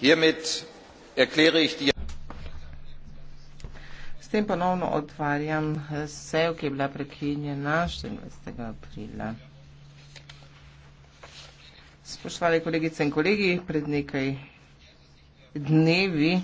hiermit erkläre ich die S tem ponovno odvarjam eh, sejo, ki je bila prekinjena 14. aprila. Spoštovane kolegice in kolegi, pred nekaj dnevi